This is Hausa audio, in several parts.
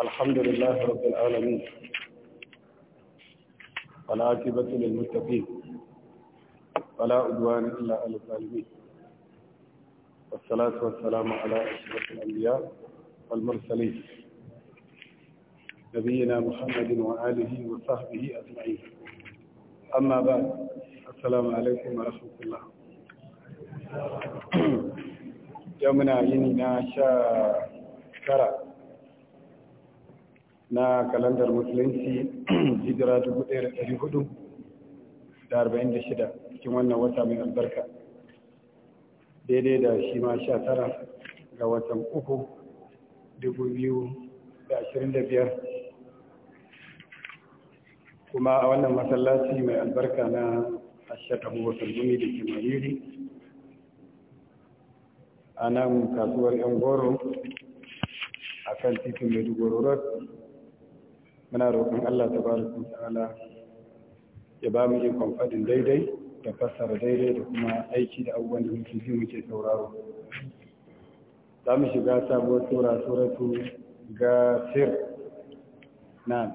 الحمد لله رب العالمين والعاقبة للمتقين ولا عدوان إلا على الظالمين والصلاة والسلام على أشرف الأنبياء والمرسلين نبينا محمد وآله وصحبه أجمعين أما بعد السلام عليكم ورحمة الله yau muna yini na sha tara na kalandar musulunci hijira 1446 cikin wannan wata mai albarka daidai da shi ma sha tara ga watan uku 2025 kuma a wannan masallaci mai albarka na ashek abubakar gumi da ke mariri a nan kasuwar yan goro a kan titin mai maiduguri road muna roƙon allah ta baru sun ta'ala ya ba mu yin kwamfadin daidai da fassara daidai da kuma aiki da abubuwan da muke ji muke sauraro za mu shiga sabuwar sura suratu sir نعم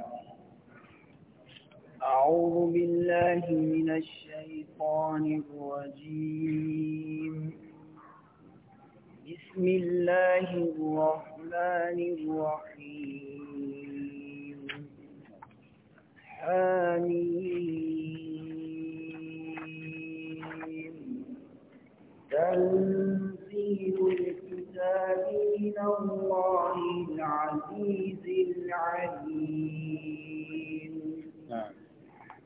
أعوذ بالله من الشيطان الرجيم بسم الله الرحمن الرحيم حميم تنزيل الكتاب من الله العزيز العليم نعم.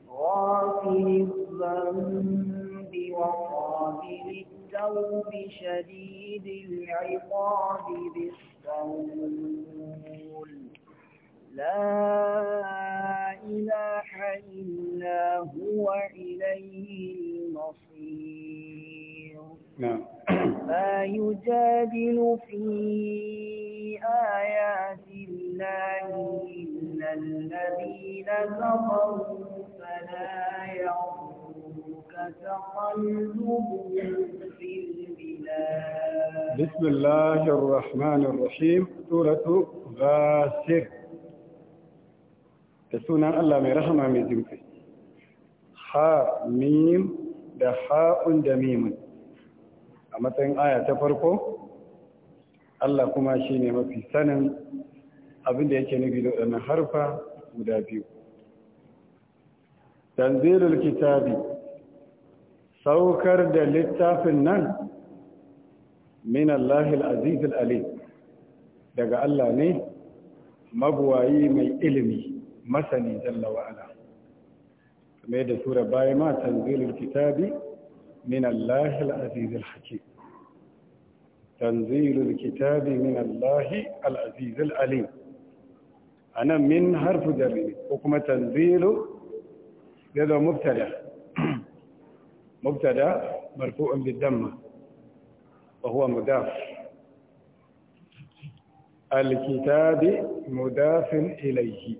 غافل الذنب وقابل بالسوء شديد العقاب بالثول لا إله إلا هو إليه المصير نعم ما يجادل في آيات الله إلا الذين كفروا فلا يعلمون بسم الله الرحمن الرحيم سورة غاسر تسونا الله من رحمة من ذنبه ها ميم da ha'un da mimin a matsayin aya ta farko Allah kuma shi ne mafi sanin abinda yake nufi da waɗannan harfa guda biyu tanzilul kitabi saukar da littafin nan min Allahil azizil daga Allah ne mabuwayi mai ilimi masani jalla wa'ala mai da tura baya ma tanzilul kitabi min Allahil azizil hakim kitabi min Allahi al-azizil alim anan min harfu jarri ko kuma tanzilu da mubtada مبتدا مرفوع بالدم وهو مضاف الكتاب مضاف إليه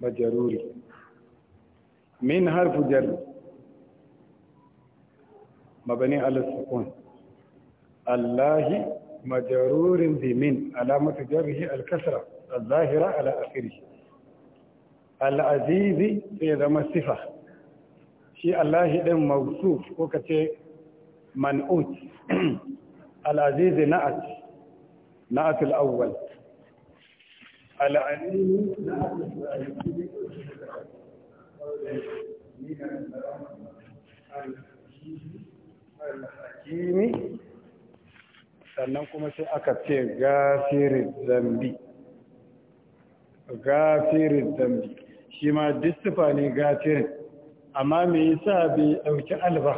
مجرور من حرف جر مبني على السكون الله مجرور بمن علامة جره الكسرة الظاهرة على آخره العزيز في ذم الصفة shi Allah ɗin mausuf ko ka ce man'ut al'azizi na'at na'at al'awwal al'azizi na'at sannan kuma sai aka ce gafirin zambi gafirin zambi shi ma duk ne gafirin amma me yasa bai ɗauki alba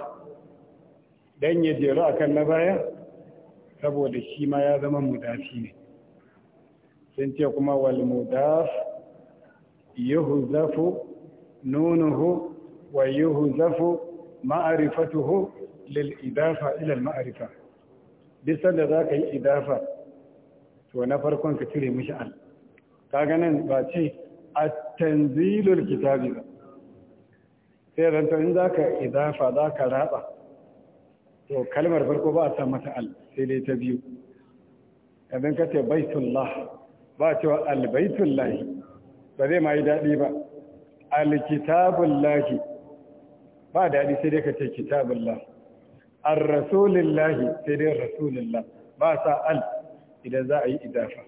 dan ya jeru akan na baya saboda shi ma ya zama mudafi ne sun ce kuma wal mudaf yuhzafu nunuhu wa yuhzafu ma'rifatuhu lil idafa ila al ma'rifa da za ka yi idafa to na farkon ka cire mishi al kaga nan ba ce a tanzilul kitabi ba sai ranta in za ka idafa za ka raba. to kalmar farko ba a sa mata al sai dai ta biyu idan ka ce baitullah ba a cewa albaitullahi ba zai ma yi daɗi ba alkitabullahi ba daɗi sai dai ka ce kitabullah ar-rasulillahi sai dai rasulillah ba sa al idan za a yi idafa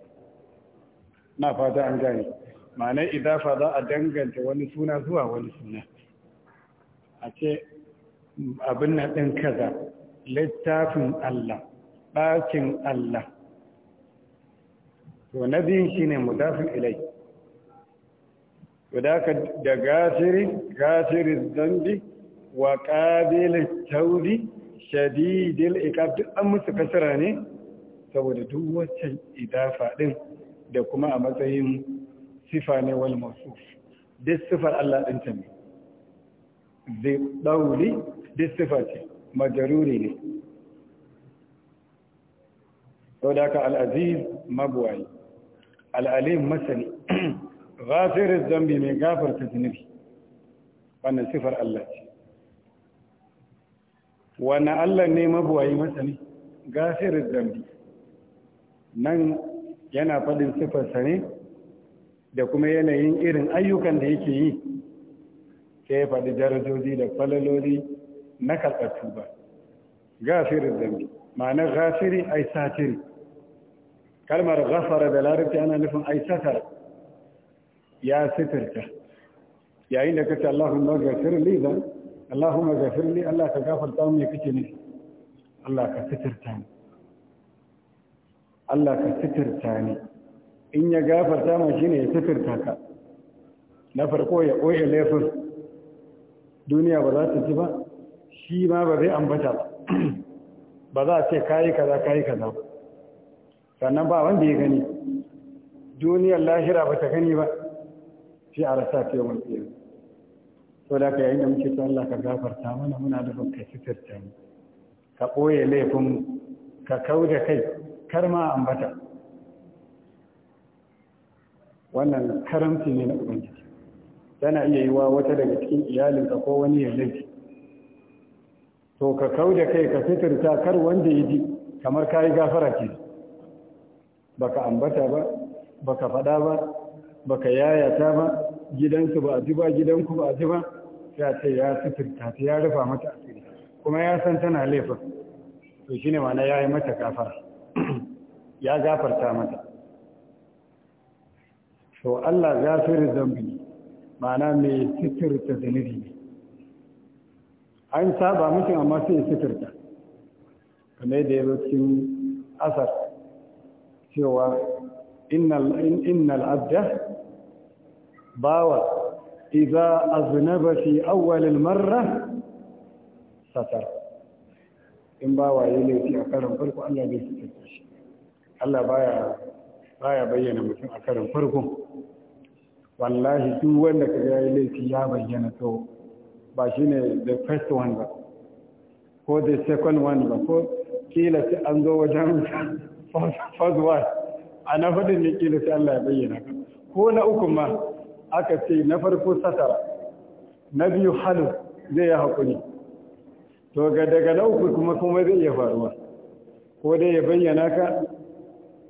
na fata an gane ma'anar idafa za a danganta wani suna zuwa wani suna a ce abin na ɗin kaza littafin Allah ɗakin Allah to na biyun shi ne mudafin ilai daga da gasiri gasiri zambi wa ƙabilin tauri shadidil iqab duk an musu kasara ne saboda duk waccan idafa ɗin da kuma a matsayin sifa ne wal masu duk sifar Allah ɗin ta ne bi ɗauli bi sifati majaruri ne sau da aka al'aziz mabuwayi al'alim masani ghafirin zambi mai gafarta zunubi wannan sifar Allah ce wannan Allah ne mabuwayi masani gafirin zambi nan yana faɗin sifarsa ne da kuma yanayin irin ayyukan da yake yi sai ya faɗi darajoji da falaloli na karɓar ba gafirin zambi ma'ana gafirin ai satiri kalmar gafara da larabci ana nufin ai satara ya sitirta yayin da kace Allahumma ghafir li zan Allahumma ghafir li Allah ka gafarta mu kake ne Allah ka sitirta ni Allah ka sitirta ni in ya gafarta ma shine ya sitirta ka na farko ya oye laifin duniya ba za ta ji ba shi ma ba zai ambata ba ba za a ce kayi kaza kayi kaza sannan ba wanda ya gani duniyar lahira ba ta gani ba shi a rasa ta yawan tsaye sau da ka yayin da muke ta Allah ka gafarta mana muna da ka sitarta mu ka ɓoye laifinmu ka kau da kai kar ma ambata wannan karamci ne na ubangiji tana iya yiwa wata daga cikin iyalinka ko wani ya laifi to ka kau da kai ka fitirta kar wanda ya ji kamar ka yi gafara ce baka ambata ba baka faɗa ba baka yayata ba gidansu ba a ji ba gidanku ba a ji ba ya ce ya fitirta ta ya rufa mata asiri kuma ya san tana laifin to shi ne mana ya yi mata gafara ya gafarta mata to Allah gafirin zambi ma'ana mai sitirta zunubi ne an saba mutum amma sai sitirta kamar da ya zo asar cewa innal abda bawa Iza aznaba fi awwalil marra satar in bawa ya laifi a karin farko Allah bai sitirta shi Allah baya bayyana mutum a karin farko wallahi duk wanda ka yayi laifi ya bayyana to ba shi ne the first one ba ko the second one ba ko kila sai an zo wajen first one ana faɗin ne kila sai Allah ya bayyana ka ko na uku ma aka ce na farko satara na biyu halu zai yi haƙuri to ga daga na uku kuma kuma zai iya faruwa ko dai ya bayyana ka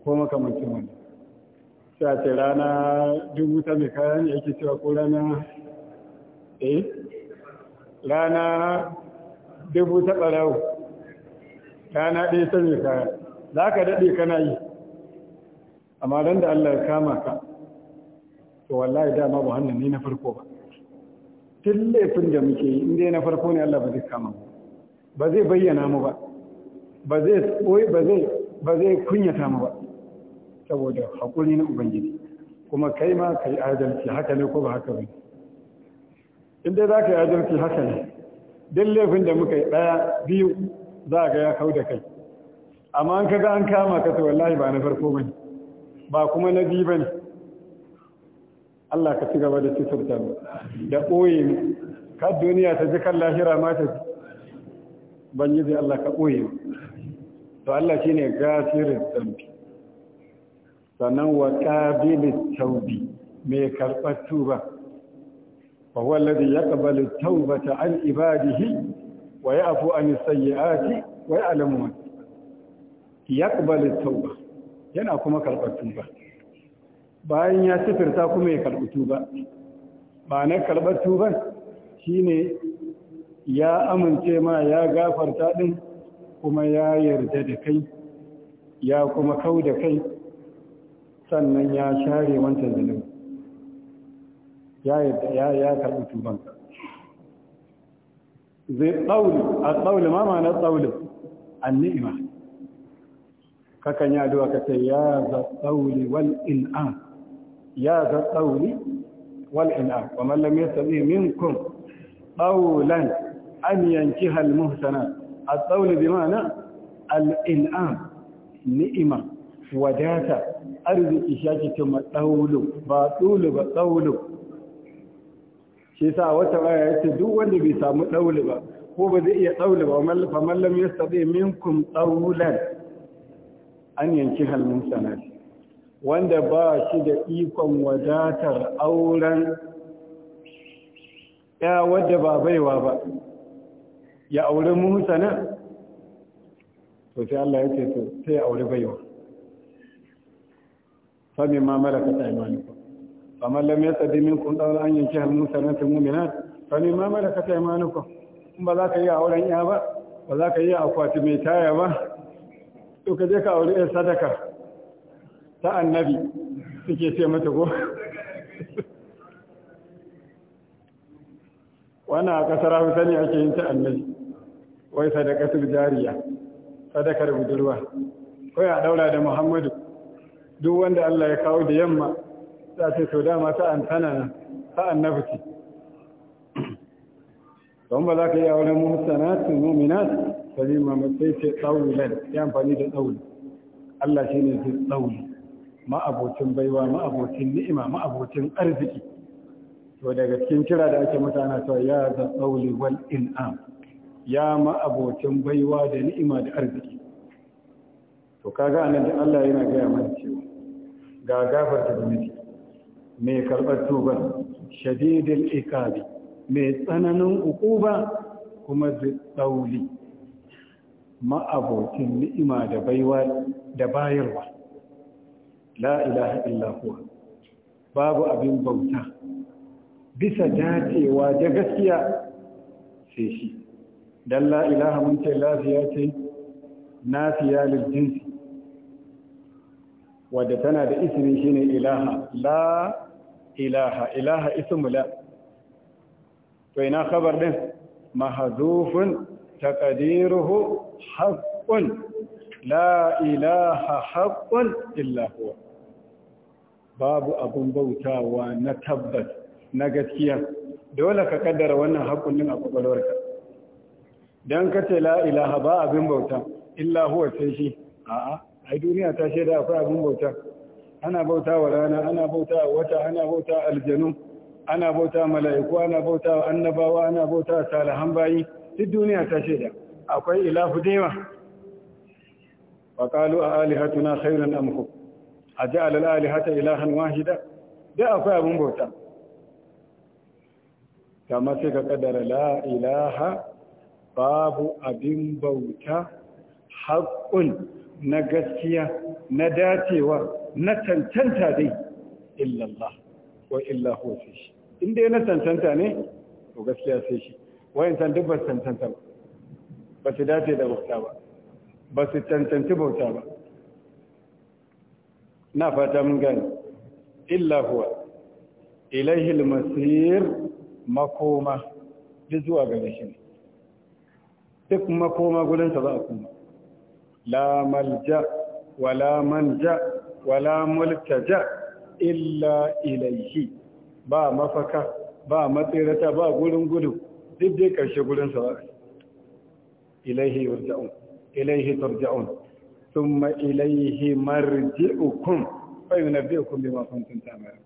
ko makamancin wani sai ce rana dubu ta mai kayan yake cewa ko rana eh rana dubu ta ɓarau rana ɗaya ta mai kayan za ka daɗe kana yi amma don da Allah ya kama ka to wallahi dama ba hannun ne na farko ba tun laifin da muke yi inda na farko ne Allah ba zai kama mu ba zai bayyana mu ba ba zai kunyata mu ba saboda haƙuri na ubangiji kuma kai ma ka yi adalci haka ne ko ba haka ba in za ka yi adalci haka ne don laifin da muka yi ɗaya biyu za ga ya kau da kai amma an kaga an kama ka wallahi ba na farko ne. ba kuma na biyu ba ne. Allah ka ci gaba da tuturta mu da ɓoye mu ka duniya ta ji kan lahira ma ta ji ban yi zai Allah ka ɓoye mu to Allah shi ne gasirin zambi sannan wa ƙabilin taubi mai karɓar tuba wa wallazi ya ƙabali ta an ibadihi wa ya afu an sayyati wa ya alamu ya ƙabali tauba yana kuma karɓar tuba bayan ya sifirta kuma ya karɓi tuba ba na karɓar tuban ne ya amince ma ya gafarta ɗin kuma ya yarda da kai ya kuma kau da kai sannan ya share wancan zunubi ya ya karbi tuban zai tsauli a tsauli ma ma tsauli annima ni'ima kakan ya addu'a ka ce ya za tsauli wal in'a ya za tsauli wal in'a wa mallam ya sabi minkum tsaulan an yanki halmuhsana at tsauli bi ma al in'a ni'ima wadata arziki shi ake cewa ɗaulu ba tsulu ba ɗaulu shi sa wata baya ya ce duk wanda bai samu ɗaulu ba ko ba zai iya ɗaulu ba fa mallam ya sabi minkum tsaulan. an yanki halin sanar wanda ba shi da ikon wadatar auren ya wadda ba baiwa ba ya aure muhsana to sai Allah ya ce to sai aure baiwa fami ma malakat aymanukum faman lam yastadi minkum dawla an yankiha na muhsanatil mu'minat fami ma imani ku in ba za ka yi auren ya ba ba za ka yi akwati mai taya ba to ka je ka auri ɗan sadaka ta annabi suke ce mata ko wannan a ƙasar hausa ne ake yin ta annabi wai sadakatul jariya sadakar budurwa ko ya daura da muhammadu duk wanda Allah ya kawo da yamma za ce to dama ta an tana nan ta annabi ce don ba za ka yi auren muhsanatu mu'minat fa zai ma sai ce tsawulan ya amfani da tsawon Allah shi ne zai tsawon ma'abocin baiwa ma'abocin ni'ima ma'abocin arziki to daga cikin kira da ake mutana ta ya za tsawon wal in'am ya ma'abocin baiwa da ni'ima da arziki to kaga anan da Allah yana gaya mana cewa ga gafarta zunubi mai karɓar tuban shadidil ikabi mai tsananin ukuba kuma dauli ma'abokin ni'ima da baiwa da bayarwa la ilaha illa huwa babu abin bauta bisa dacewa da gaskiya sai shi dan la ilaha mun ce lafiya ce nafiya lil jinsi wadda tana da ismi shine ilaha la ilaha ilaha ismu to ina khabar din Mahazufun, taqdiruhu haqqun la ilaha haqqun illa huwa babu abun bautawa na tabbas na gaskiya dole ka kaddara wannan haqqun din a kwakwalwarka dan kace la ilaha ba abin bauta illa huwa sai shi a'a ai duniya ta shaida akwai abin bauta ana bauta wa rana ana bauta wa wata ana bauta aljanu ana bauta mala'iku ana bauta annabawa ana bauta salihan bayi duk duniya ta shaida akwai ilahu dewa wa qalu a alihatuna khairan am hu aja'al al alihata ilahan wahida da akwai abin bauta kama sai ka kaddara la ilaha babu abin bauta haqqun na gaskiya na dacewa na tantanta dai illallah wa illahu sai shi in dai na tantanta ne to gaskiya sai shi wayan san duk ba tantanta ba ba su dace da bauta ba ba su tantanci bauta ba na fata mun gani illahu ilaihi masir makoma duk zuwa gare shi duk makoma gudansa za a kuma la malja wala manja wala multaja illa ilaihi ba mafaka ba matsirata ba gurin gudu duk dai karshe gurin sa ilaihi yurja'un ilaihi turja'un thumma ilaihi marji'ukum fa yunabbi'ukum bima kuntum ta'malun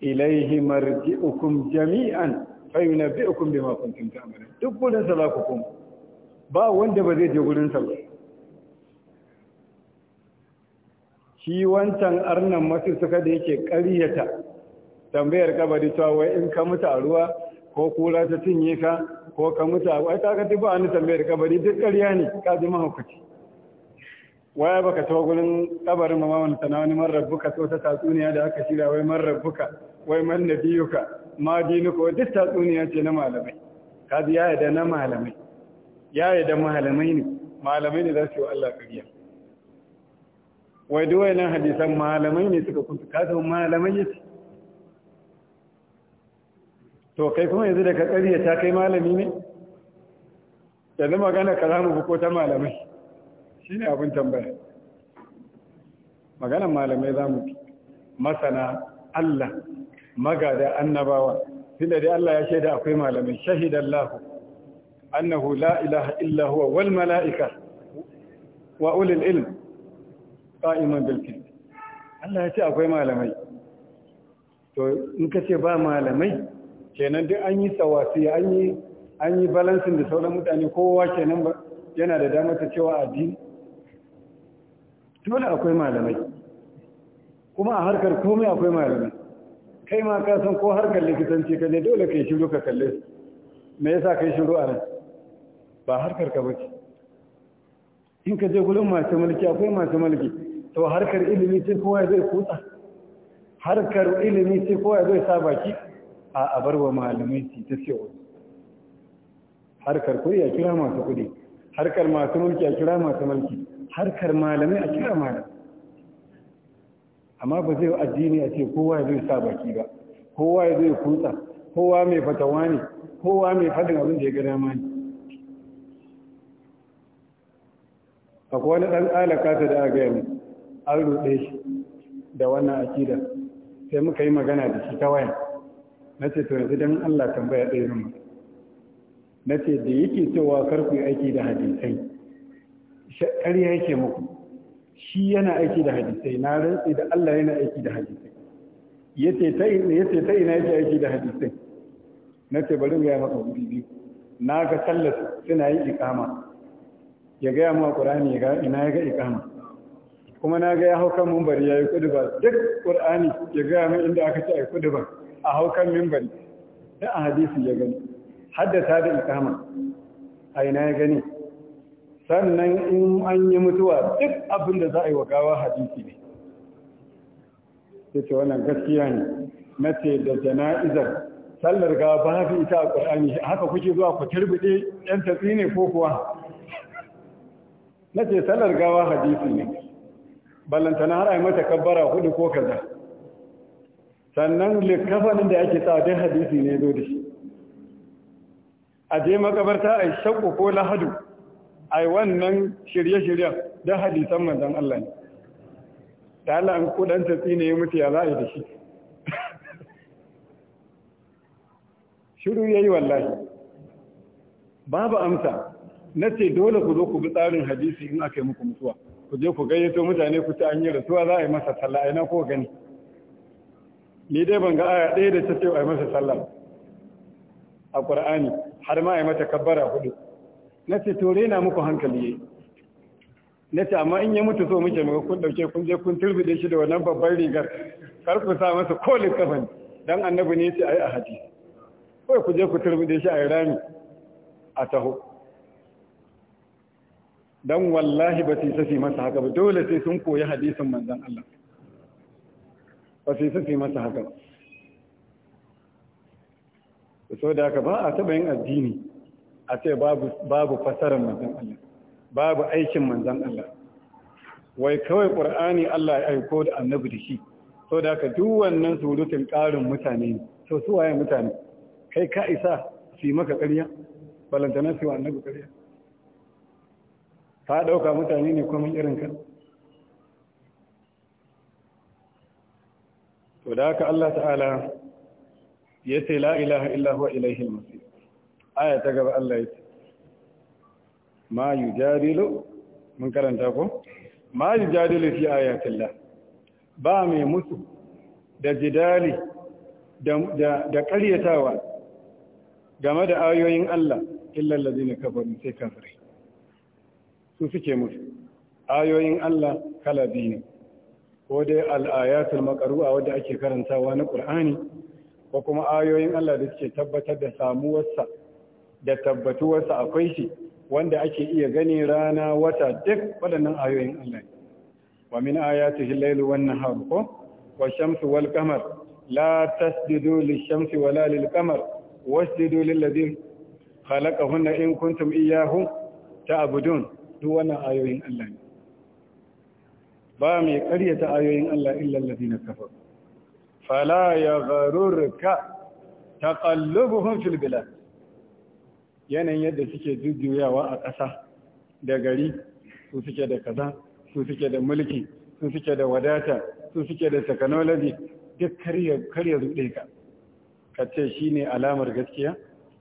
ilaihi marji'ukum jami'an fa yunabbi'ukum bima duk ku ba wanda ba zai je gurinsa ba shi wancan arnan masu suka da yake ƙaryata tambayar kabari cewa wai in ka mutu a ruwa ko kura ta cinye ka ko ka mutu a wai ka ci ba ni tambayar kabari duk ƙarya ne ka ji mahaukaci waya baka tawo gurin kabarin mamaman sana wani man rabbuka so ta tatsuniya da aka shirya wai man rabbuka wai man nabiyuka ma dinuka wai duk tatsuniya ce na malamai ka biya da na malamai ya da malamai ne malamai ne za su yi wa Allah ƙarya wai duwai nan hadisan malamai ne suka kuntu ka zama malamai ya ce to kai kuma yanzu daga kariya ta kai malami ne yanzu magana ka za mu ko ta malamai shi ne abin tambaya maganan malamai za mu masana Allah magada annabawa tunda dai Allah ya shaida akwai malamai shahidallahu annahu la ilaha illa huwa wal mala'ika wa ulil ilm qa'iman bil qist Allah ya ce akwai malamai to in ka ce ba malamai kenan duk an yi tsawasi an yi an yi balansin da sauran mutane kowa kenan ba yana da damar ta cewa addini dole akwai malamai kuma a harkar komai akwai malamai kai ma ka san ko harkar likitanci ka je dole kai shiru ka kalle me yasa kai shiru a nan ba harkar ka bace in ka je gurin masu mulki akwai masu mulki to harkar ilimi sai kowa zai kutsa harkar ilimi sai kowa zai sa baki a abarwa malamai su ta ce harkar kuri a kira masu kuɗi harkar masu mulki a kira masu mulki harkar malamai a kira malamai amma ba zai addini a ce kowa zai sa baki ba kowa zai kutsa kowa mai fatawa ne kowa mai fadin abin da ya gada mani ne akwai wani ɗan ta da aka yamu an ruɗe shi da wannan akida sai muka yi magana da shi ta waya na ce to yanzu don allah tambaya ɗaya mu na ce da yake cewa karku yi aiki da hadisai ƙarya yake muku shi yana aiki da hadisai na rantsi da allah yana aiki da hadisai yace ta ina yake aiki da hadisai na ce bari mu yi maka wuri biyu na ga sallar suna yi ikama ya gaya mu a ƙur'ani ina ya ga ikama kuma na ga ya hau kan mimbari ya yi kuduba duk ƙur'ani ya gaya mu inda aka ce a yi ba a hau kan mimbari da a hadisi ya gani haddasa da ikama a ina ya gani sannan in an yi mutuwa duk abin da za a yi wa gawa hadisi ne sai ce wannan gaskiya ne na ce da jana'izar sallar gawa ba fi ita a ƙur'ani haka kuke zuwa ku turbiɗe 'yan tatsi ne ko kuwa na ce salar gawa hadisi ne ballantana har ai mata kabbara hudu ko kaza sannan likafanin da ake sa dai hadisi ne zo da shi a je makabarta ai shakku ko lahadu ai wannan shirye-shiryen da hadisan manzon Allah ne da Allah an kudan ne ya mutu ya za'a da shi shiru yayi wallahi babu amsa na ce dole ku zo ku bi tsarin hadisi in aka yi muku mutuwa ku je ku gayyato mutane ku ci an yi rasuwa za a yi masa sallah ai na ko gani ni dai ban ga aya ɗaya da ta ce a yi masa sallah a ƙur'ani har ma a yi mata kabbara hudu na ce to rena muku hankali yayi na ce amma in ya mutu so muke muka kun dauke kun je kun turbide shi da wannan babban rigar kar ku sa masa kolin kafan dan annabi ne ce ai a hadisi kawai ku je ku turbide shi a yi rami a taho dan wallahi ba su safi masa haka ba dole sai sun koyi hadisin manzan Allah ba su safi masa haka ba so da haka ba a taɓa yin addini a ce babu fasarar manzan Allah babu aikin manzan Allah wai kawai ƙur'ani Allah ya aiko da annabi da shi so da haka duk wannan surutun ƙarin mutane ne so su waye mutane kai ka isa su yi maka ƙarya balantana su yi wa annabi ƙarya ka ɗauka mutane ne kuma irin ka. to da haka Allah ta'ala ya ce la ilaha illa huwa ilaihi al-masir aya ta gaba Allah ya ce ma yujadilu mun karanta ko ma yujadilu fi ayatillah ba mai musu da jidali da da ƙaryatawa game da ayoyin Allah illa allazina kafaru sai kafirai su suke mutu ayoyin Allah kala biyu ko dai al'ayatul maqru'a wanda ake karantawa na Qur'ani ko kuma ayoyin Allah da suke tabbatar da samuwarsa da tabbatuwarsa akwai shi wanda ake iya gani rana wata duk waɗannan ayoyin Allah wa min ayatihi al-lailu wan-nahar ko wa shamsu wal-qamar la tasjudu lish-shamsi wala lil-qamar wasjudu lil-ladhi khalaqahunna in kuntum iyyahu ta'budun duk wannan ayoyin Allah ne ba mai karyata ayoyin Allah illa alladhina kafa fala ta taqallubuhum fil bilad yanayin yadda suke jujjuyawa a ƙasa da gari su suke da kaza su suke da mulki su suke da wadata su suke da technology duk karya zuɗe ka ka ce shi ne alamar gaskiya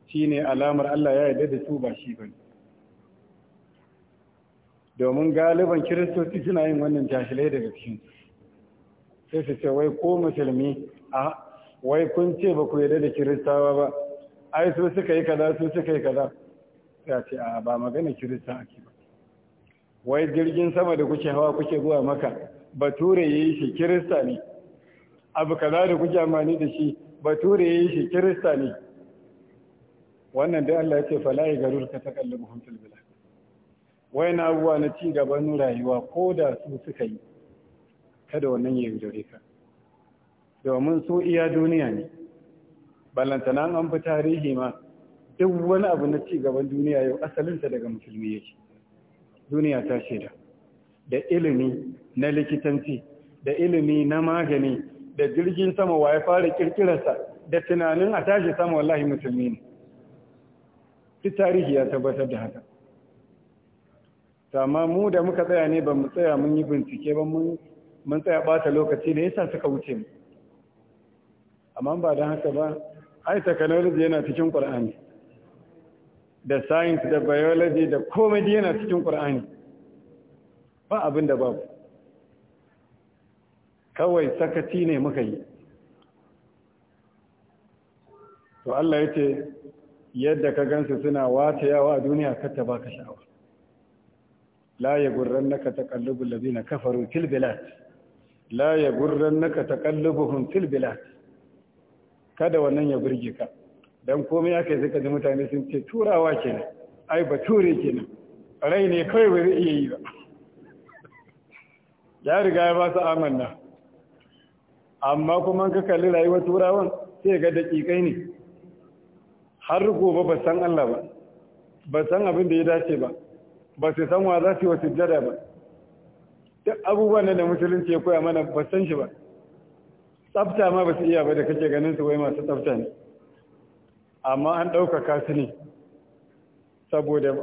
shi ne alamar Allah ya yarda da su ba shi ba domin galiban kiristoci suna yin wannan jahilai daga cikin sai su ce wai ko musulmi a wai kun ce ba ku yada da kiristawa ba ai su suka yi kaza su suka yi kaza ya ce a ba magana kirista ake ba wai jirgin sama da kuke hawa kuke zuwa maka bature ya yi shi kirista ne abu kaza da kuke amfani da shi bature ya yi shi kirista ne wannan dai Allah ya ce fala'i ya garur ka takalla fil bilad wai na abubuwa na ci gaban rayuwa ko da su suka yi kada wannan ya yaudare ka domin su iya duniya ne ballantana an fi tarihi ma duk wani abu na ci gaban duniya yau asalinta daga musulmi yake duniya ta shaida da ilimi na likitanci da ilimi na magani da jirgin sama wa ya fara kirkirarsa da tunanin a tashi sama wallahi musulmi ne duk tarihi ya tabbatar da haka to amma mu da muka tsaya ne ba mu tsaya mun yi bincike ba mun tsaya bata lokaci ne yasa suka wuce mu amma ba don haka ba ai technology yana cikin qur'ani da science da biology da comedy yana cikin qur'ani ba abin da babu kawai sakaci ne muka yi to Allah yace yadda ka gansu suna wata yawa a duniya ta baka sha'awa la yaghurrannaka taqallubul ladina kafaru fil bilad la yaghurrannaka taqallubuhum fil bilad kada wannan ya burge ka dan komai aka yi suka ji mutane sun ce turawa kenan ai ba ke kenan rai ne kawai ba zai iya yi ba ya riga ya ba su amanna amma kuma ka kalli rayuwar turawan sai ga dakikai ne har gobe ba san Allah ba ba san abin da ya dace ba ba su san wa za su yi wa sujjada ba duk abubuwan nan da musulunci ya koya mana ba san shi ba tsafta ma ba su iya ba da kake ganin su wai masu tsafta ne amma an ɗaukaka su ne saboda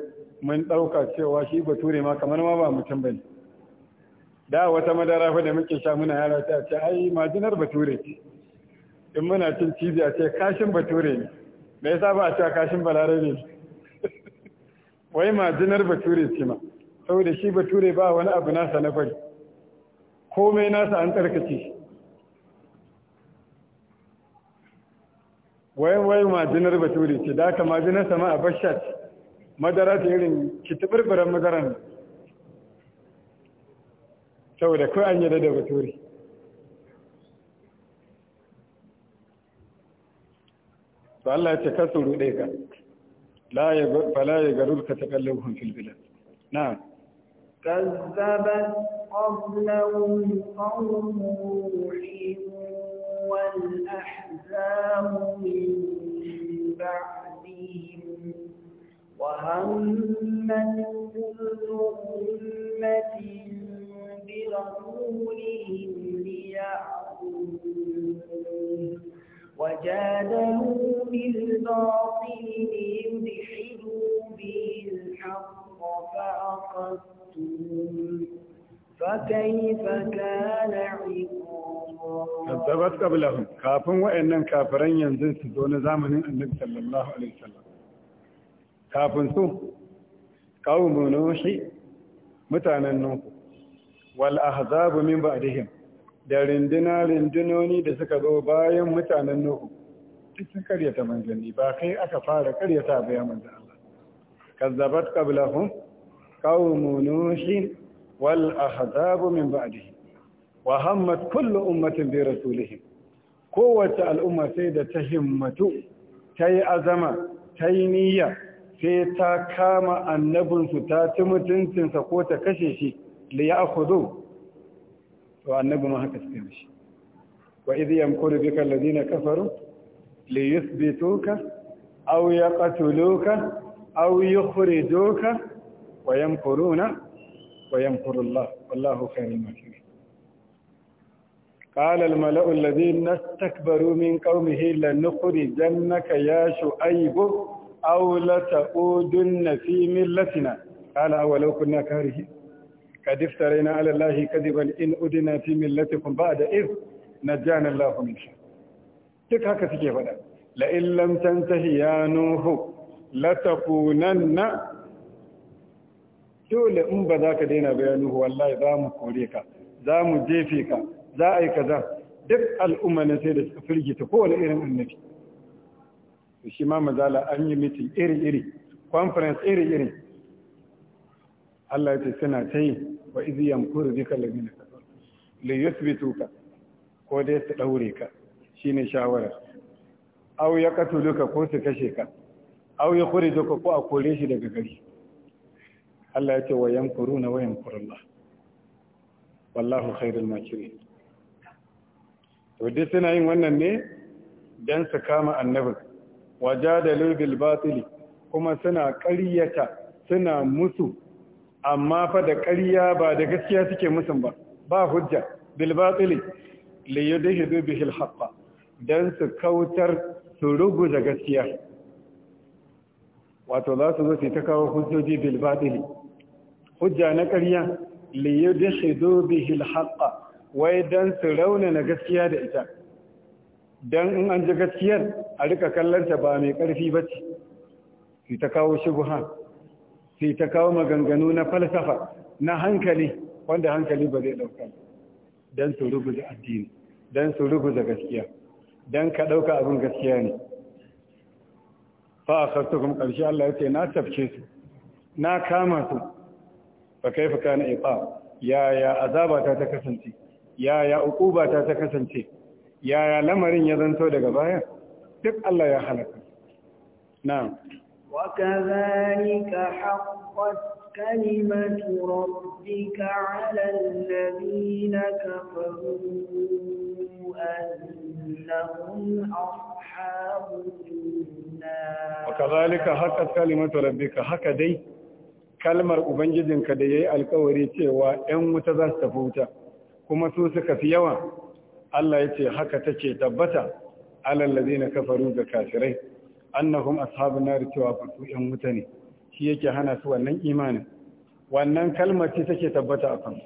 mun ɗauka cewa shi bature ma kamar ma ba mutum ba ne da wata madara fa da muke sha muna yara ta ce ai majinar bature ce in muna cin cizi a ce kashin bature ne me yasa ba a cewa kashin balarabe ne wai majinar bature ce ma saboda shi bature ba wani abu nasa na bari komai nasa an tsarkace shi wai wai majinar bature ce da aka jinar sama a bashat madara ta irin kitabirbiran madaran saboda kai an yada da bature to Allah ya ce kasu ruɗe ka لا يقول فلا يغررك تقلبهم في البلاد نعم كذبت قبلهم قوم نوح والأحزاب من بعدهم وهمت كل أمة برسولهم ليأخذوه Wajen al'ummin zazzaɓi ne mai hidubun yanzu su zo na zamanin anan da sallallahu alaihi wa sallam, kafin sun kawo munushi mutanen ku, wala a hazabonin ba'a da da rindina rindinoni da suka zo bayan mutanen Nuhu duk sun karyata manzanni ba kai aka fara karyata ba ya manzan Allah kazzabat qablahum qaumun nuhin wal ahzabu min ba'dihi wa hammat kullu ummatin bi rasulihim kowace al'umma sai da ta himmatu ta yi azama ta yi niyya sai ta kama annabinsu ta ci mutuncinsa ko ta kashe shi li ya akudu وأنكما هكذا وإذ يمكر بك الذين كفروا ليثبتوك أو يقتلوك أو يخرجوك ويمكرون ويمكر الله والله خير المكرمين قال الملأ الذين استكبروا من قومه لنخرجنك يا شعيب أو لتؤودن في ملتنا قال أولو كنا كارهين قد افترينا على الله كذبا إن أدنا في ملتكم بعد إذ نجانا الله من شر duk haka suke faɗa la'in lam tantahi ya nuhu latakunanna dole in ba za ka daina ba ya nuhu wallahi za mu kore ka za mu jefe ka za a yi kaza duk al'umma ne sai da suka firgita kowane irin annabi to shi ma mazala an yi mitin iri-iri conference iri-iri Allah ya ce suna ta yi wa izi yamkuru bika lamina kafaru li ka ko dai su daure ka shine shawara aw ya katuluka ko su kashe ka aw ya khurijuka ko a kore shi daga gari Allah ya ce wa yamkuruna wa yamkurullah wallahu khairul makirin to dai suna yin wannan ne dan su kama annabi wajadalu bil batili kuma suna ƙaryata suna musu amma fa da ƙarya ba da gaskiya suke musun ba ba hujja bilbatsili batili da shi bihi shi haqq don su kautar su da gaskiya wato za su zo su ta kawo hujjoji bilbatsili hujja na ƙarya da shi bihi shi haqq wai don su rauna na gaskiya da ita don in an ji gaskiyar a rika kallonta ba mai ƙarfi ce su ta kawo ha. sai ta kawo maganganu na falsafa na hankali wanda hankali ba zai ɗauka don su rubuta addini don su rubuta gaskiya don ka ɗauka abin gaskiya ne fa a sarta kuma Allah ya ce na tafce su na kama su fa kai fa kana ifa yaya azabata ta kasance yaya uquba ta kasance yaya lamarin ya zanto daga baya duk Allah ya halaka na'am وكذلك حقت كلمة ربك على الذين كفروا أنهم أصحاب النار وكذلك حقت كلمة ربك هكذا kalmar Ubangijinka da ya yi alkawari cewa ‘yan wuta za su tafi wuta, kuma su suka fi yawa, Allah ya ce haka take tabbata, alallazi na kafaru ga kafirai. annahum ashabun nar cewa fatu yan wuta ne shi yake hana su wannan imanin wannan kalmar ce take tabbata a kan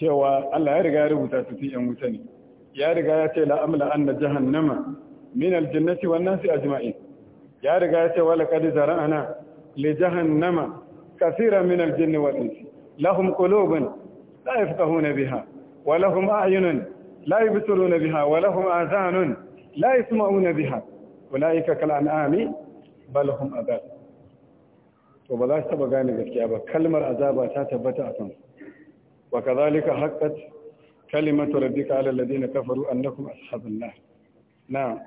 cewa Allah ya riga ya rubuta su yan wuta ne ya riga ya ce la'amla anna jahannama min aljannati wan nasi ajma'in ya riga ya ce wala qad zara'ana li jahannama kaseeran min aljinni wal insi lahum qulubun la yafqahuna biha wa lahum a'yunun la yubsiruna biha wa lahum azanun لا يسمعون بها أولئك كالأنعام بل هم أبال وبلا سبق أن يكتب كلمة عذابة تثبت أتم وكذلك حقت كلمة ربك على الذين كفروا أنكم أصحاب النار نعم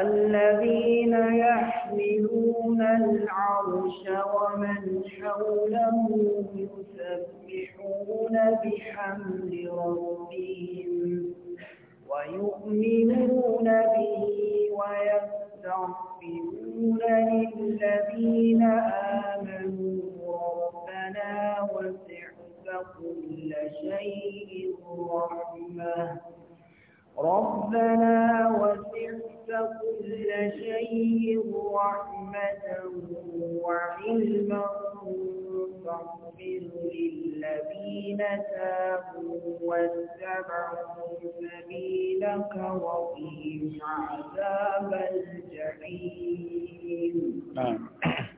الذين يحملون العرش ومن حوله يسبحون بحمد ربهم ويؤمنون به ويستغفرون للذين آمنوا ربنا وسعت كل شيء رحمه ربنا وسعت كل شيء رحمة وعلما فاغفر للذين تابوا واتبعوا سبيلك وقهم عذاب الجحيم نعم.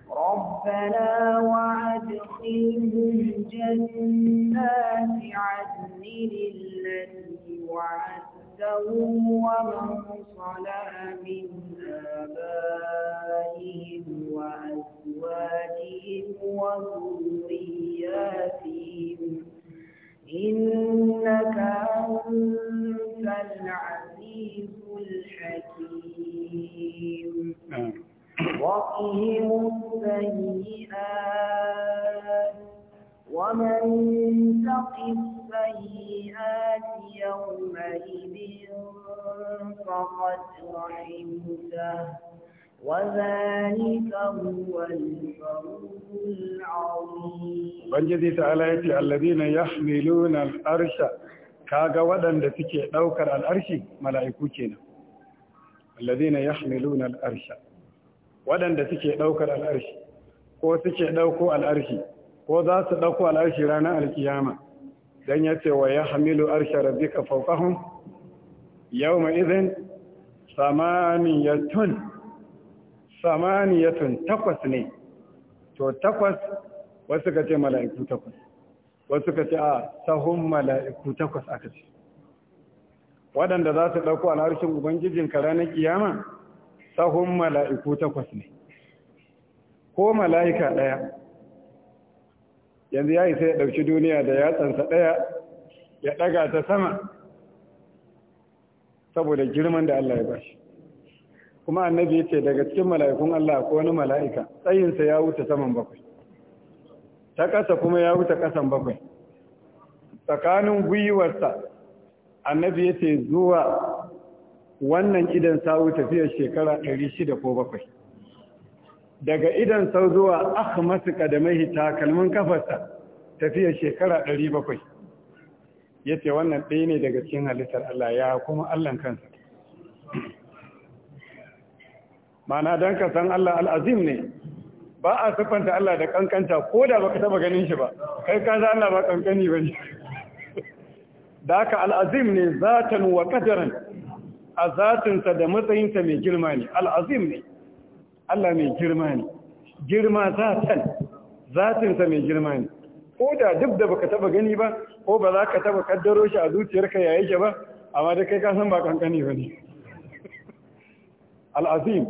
ربنا وادخلهم جنات عدن التي وعدت رده ومن صلح من وذرياتهم إنك فقد رحمته وذلك هو ce, العظيم بنجي تعالى يتي الذين يحملون kaga waɗanda suke ɗaukar al'arshi mala'iku kenan alladhina yahmiluna al'arsha waɗanda suke ɗaukar al'arshi ko suke ɗauko al'arshi ko za su ɗauko al'arshi ranar alkiyama don ya ce wa ya hamilu arshe rabbika Yau yawma izin? samaniyatun samaniyatun takwas ne to takwas wasu ka ce mala'iku takwas wasu ka ce a sahun mala'iku takwas aka ce waɗanda za su ɗauko alharshen ubangijin kara na kiyama sahun mala'iku takwas ne ko mala'ika ɗaya yanzu ya isa ya ɗauki duniya da yatsansa ɗaya ya ɗaga ta sama saboda girman da Allah ya bashi kuma annabi yace daga cikin mala'ikun Allah ko wani mala'ika tsayinsa ya wuce saman bakwai ta ƙasa kuma ya wuce kasan bakwai tsakanin gwiwarsa annabi yace zuwa wannan idan sawu tafiyar shekara 600 ko bakwai daga idan sau zuwa akhmasu kadamai takalmin kafarsa tafiyar shekara 700 ya ce wannan ɗaya ne daga cikin halittar Allah ya kuma Allahn kansa mana don ka san Allah al'azim ne ba a siffanta Allah da ƙanƙanta ko da baka taba ganin shi ba kai ka za Allah ba ƙanƙani ba ne da ka al'azim ne ta nuwa ƙadaran a zatinsa da matsayinsa mai girma ne al'azim ne Allah mai girma ne girma zatan zatinsa mai girma ne ko da duk da baka taba gani ba ko ba za ka taba kaddaro shi a zuciyarka yayi shi ba amma da kai ka san ba kankani ba ne al'azim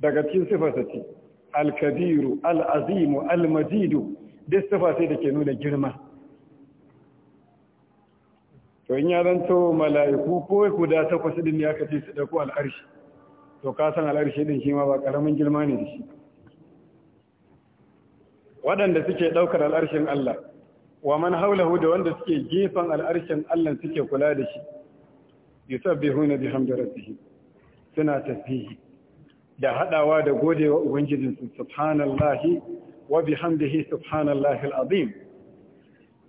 daga cikin sifarsa ce al-kabiru al-azimu al-majidu duk sifa sai da nuna girma to in ya zanto mala'iku ko guda takwas din ya kace su dauko al'arshi to ka san al'arshi din shi ma ba karamin girma ne da shi waɗanda suke ɗaukar al'arshin Allah wa man haulahu da wanda suke gefen al'arshin Allah suke kula da shi yusabbihuna bihamdi rabbihim suna tasbihi da haɗawa da godewa ubangijin su subhanallahi wa bihamdihi subhanallahi alazim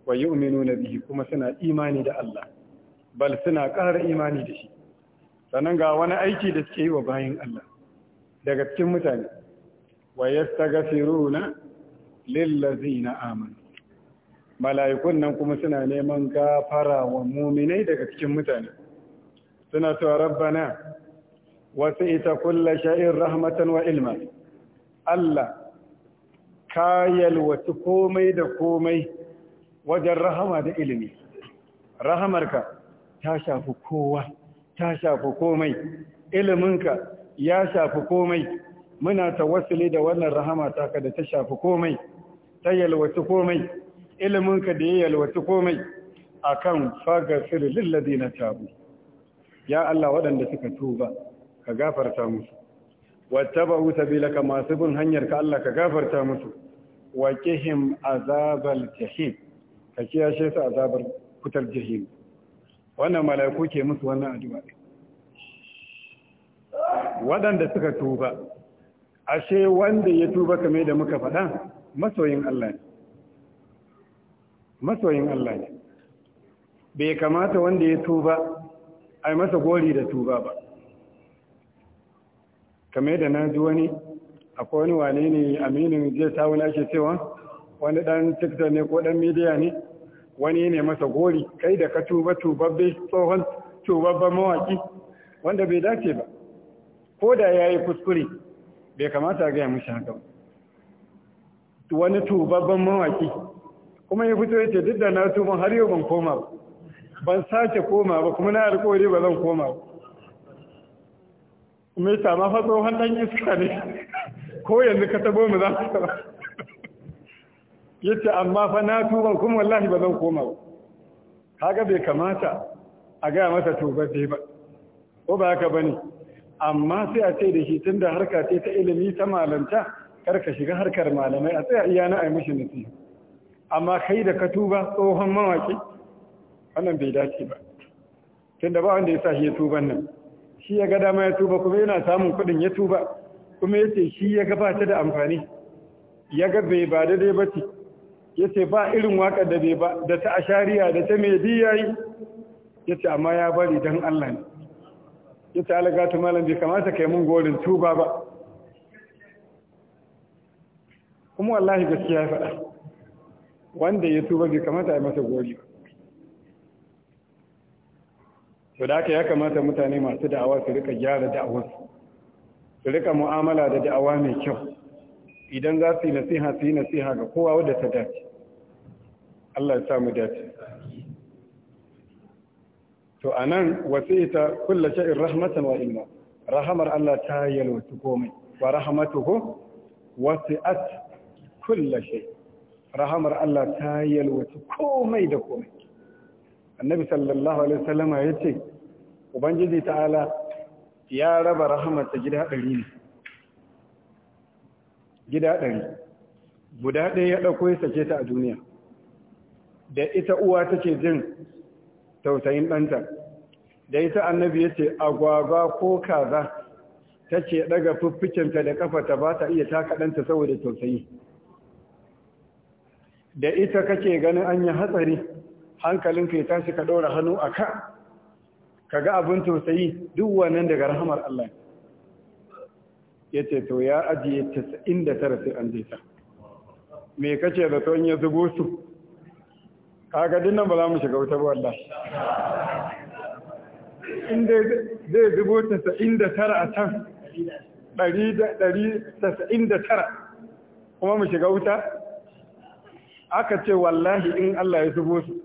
wa yu'minuna bihi kuma suna imani da Allah bal suna ƙara imani da shi sannan ga wani aiki da suke yi wa bayin Allah daga cikin mutane wa na? lillazina amanu mala'ikun nan kuma suna neman gafara wa muminai daga cikin mutane suna cewa rabbana wasu ita kulla sha'in rahmatan wa ilma Allah ka yalwaci komai da komai wajen rahama da ilimi rahamarka ta shafi kowa ta shafi komai iliminka ya shafi komai muna ta tawassuli da wannan rahama taka da ta shafi komai ta yalwaci komai iliminka da ya yalwaci komai akan fagasir na tabu ya Allah waɗanda suka tuba ka gafarta musu bi laka masu bin hanyar ka Allah ka gafarta musu wa a azabal jahim ka shi su azabar kutar jahim wannan malaiku ke musu wannan addu'a waɗanda suka tuba ashe wanda ya tuba kame da muka faɗa masoyin Allah ne masoyin Allah ne bai kamata wanda ya tuba ai masa gori da tuba ba kamar da na ji wani akwai wani wane ne aminin je ta wani ake cewa wani dan tiktok ne ko dan midiya ne wani ne masa gori kai da ka tuba tubabbe tsohon tubabban mawaki wanda bai dace ba ko da ya yi kuskure bai kamata ga ya mushi haka ba wani tubabban mawaki kuma ya fito yake duk da na tuban har yau ban koma ba ban sace koma ba kuma na alƙawari ba zan koma ba mai sama fa tsohon iska ne ko yanzu ka tabo mu za su ya ce amma fa na tuban kuma wallahi ba zan koma ba haka bai kamata a gaya masa tuba sai ba ko ba haka ne amma sai a ce da shi da harka ce ta ilimi ta malanta kar ka shiga harkar malamai a tsaya iya na ai mishi nufi amma kai da ka tuba tsohon mawaki wannan bai dace ba da ba wanda ya sa shi ya tuba nan shi ya ga dama ya tuba kuma yana samun kuɗin ya tuba kuma ya ce shi ya gabata da amfani ya ga bai ba dai ba ce ya ce ba irin waƙar da bai ba da ta ashariya da ta mai yi ya ce amma ya bari don Allah ne ya ce alagatu malam bai kamata kai mun gorin tuba ba kuma wallahi gaskiya ya faɗa wanda ya tuba bai kamata a yi masa gori ba to da aka ya kamata mutane masu da'awa su rika gyara da'awar su rika mu'amala da da'awa mai kyau idan za su yi nasiha su yi nasiha ga kowa wadda ta dace Allah ya samu dace to a nan wasu ita kulla sha'in rahmatan wa ilma rahamar Allah ta yalwatu komai wa wasu wasi'at kulla shay rahamar Allah ta yalwaci komai da komai annabi sallallahu alaihi wasallama yace ubangiji ta'ala ya raba rahamar ta gida ɗari ne gida ɗari guda ɗaya ya ɗauko ya sake ta a duniya da ita uwa take jin tausayin ɗanta da ita annabi ya ce agwagwa ko kaza take ce ɗaga da ƙafa ta ba ta iya taka ɗanta saboda tausayi da ita kake ganin an yi hatsari hankalin ka ya tashi ka ɗora hannu a ka ka ga abin tausayi duk wannan daga rahamar Allah ya ce to ya ajiye 99 sai an je ta me kace da to in ya zubo su kaga dinnan ba za mu shiga wuta ba wallahi inda zai zubo 99 a can 199 kuma mu shiga wuta aka ce wallahi in Allah ya zubo su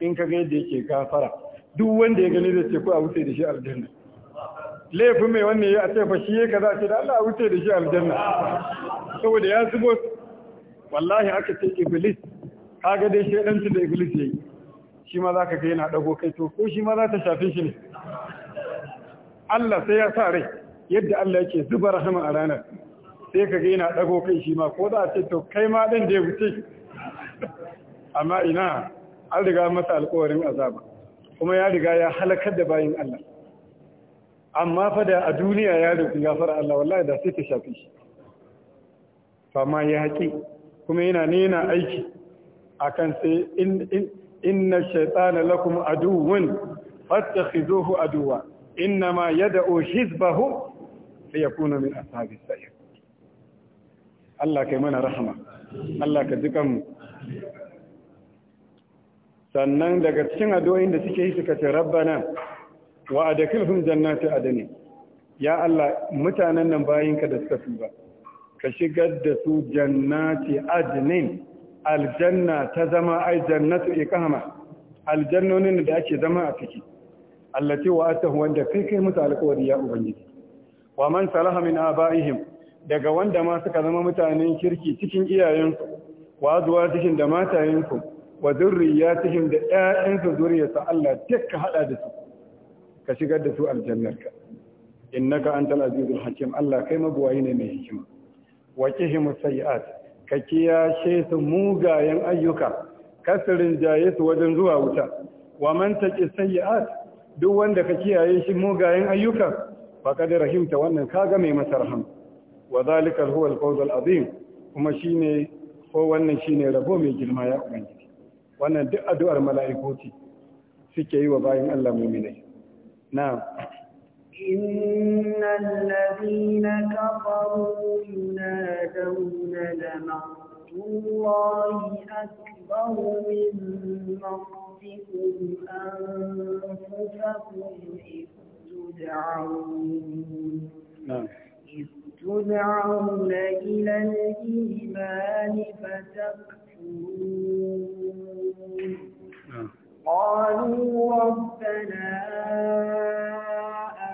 in ka gani da yake kafara duk wanda ya gani da ce ko a wuce da shi aljanna laifi mai wannan ya ce fa shi ya kaza ce da Allah a wuce da shi aljanna saboda ya zubo su wallahi aka ce iblis kaga dai shedancin da iblis yayi shi ma ka ga yana dago kai to ko shi ma za ta shafi shi ne Allah sai ya sa rai yadda Allah yake zuba rahama a ranar sai ka ga yana dago kai shi ma ko za a ce to kai ma ɗan da ya wuce amma ina an riga masa alkawarin azaba kuma ya riga ya halakar da bayin Allah amma fa da a duniya ya roƙi gafara Allah wallahi da sai ta shafi shi fama ya haƙi kuma yana ne yana aiki akan sai inna shaytana lakum aduwwun fattakhizuhu aduwa innama yad'u hizbahu yakuna min ashabis sayyid Allah kai mana rahama Allah ka jikan mu sannan daga cikin addu'o'in da suke yi suka ce rabbana wa adkhilhum jannati adni ya Allah mutanen nan bayinka da suka tuba ka shigar da su jannati adnin aljanna ta zama ai jannatu ikama aljannonin da ake zama a ciki allati atahu wanda kai kai musu alƙawari ya ubangiji wa man salaha min abaihim daga wanda ma suka zama mutanen kirki cikin iyayensu wa azwajihim da matayenku wa zurriyatihim da ƴaƴansu zuriyarsa Allah dukka hada da su ka shigar da su aljannarka innaka antal azizul hakim Allah kai magwayi ne mai hikima wa qihim sayiat ka kiyashe su mugayen ayyuka kasirin jaye su wajen zuwa wuta wa man taqi sayiat duk wanda ka kiyaye shi mugayen ayyuka faqad rahimta wannan kaga mai masarham wa zalika huwa al-fawz al-azim kuma shine ko wannan shine rabo mai girma ya ubangiji wannan duk addu'ar mala'ikoti suke yi wa bayan Allah mu'minai na'am innal ladina kafaru yunaduna lana wallahi akbaru min maqtihum تدعون إلى الإيمان فتكفرون قالوا ربنا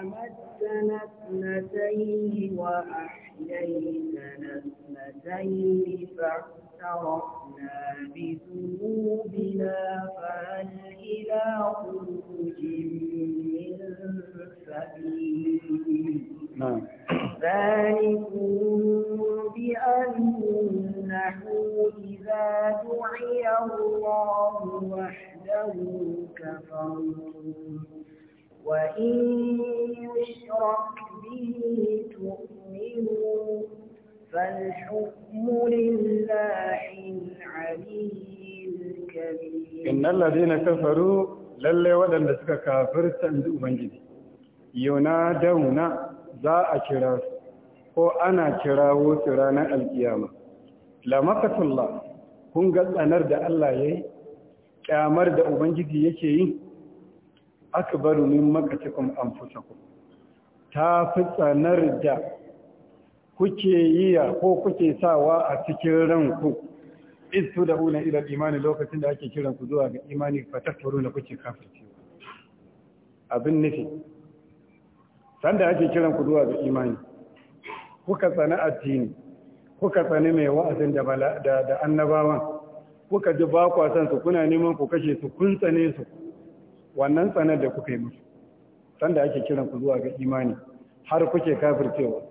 أمتنا اثنتين وأحييتنا اثنتين فاعترفنا بذنوبنا فهل إلى خروج من سبيل نعم ذلكم بأنه إذا دعي الله وحده كفرتم وإن يشرك به تؤمنوا فالحكم لله العلي الكبير إن الذين كفروا للي ودن لسك كافر سند أبنجد ينادون za a kira su ko ana kirawo su ranar alkiyama lamakatullah kun ga tsanar da Allah ya yi kyamar da ubangiji yake yi akbaru min makatikum anfusakum ta fi tsanar da kuke yi ko kuke sawa a cikin ranku istu da hula ila imani lokacin da ake kiran ku zuwa ga imani fatattu na kuke kafirci abin nufi sanda ake kiran ku zuwa ga imani kuka tsani addini kuka tsani mai wa'azin da da annabawan kuka ji ba ku san su kuna neman ku kashe su kun tsane su wannan tsanar da kuka yi musu sanda ake kiran ku zuwa ga imani har kuke kafircewa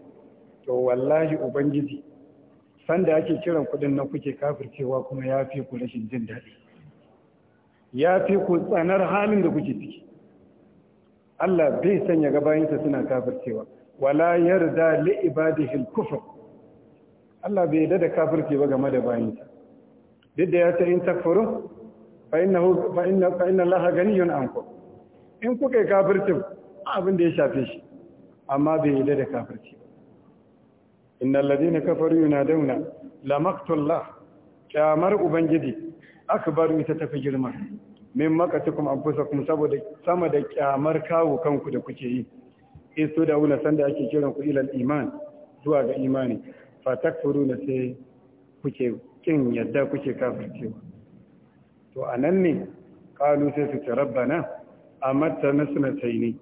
to wallahi ubangiji sanda ake kiran din nan kuke kafircewa kuma ya fi ku rashin jin daɗi ya fi ku tsanar halin da kuke ciki Allah bai sanya gabayinsa suna kafircewa wala yarda li ibadihi al-kufr Allah bai yarda da kafirce ba game da bayinsa duk da ya ce in takfuru fa innahu fa inna fa inna Allah ganiyun ankum in kuka yi kafircin abin da ya shafe shi amma bai yarda da kafirci innal ladina kafaru yunaduna la maqtullah kyamar ubangiji akbaru ta tafi girma min makasikum anfusakum saboda sama da kyamar kawo kanku da kuke yi so da wuna sanda ake kiran ku ilal iman zuwa ga imani fa takfuruna sai kuke kin yadda kuke kafircewa to anan ne qalu sai su tarabbana amatta nasna nasnataini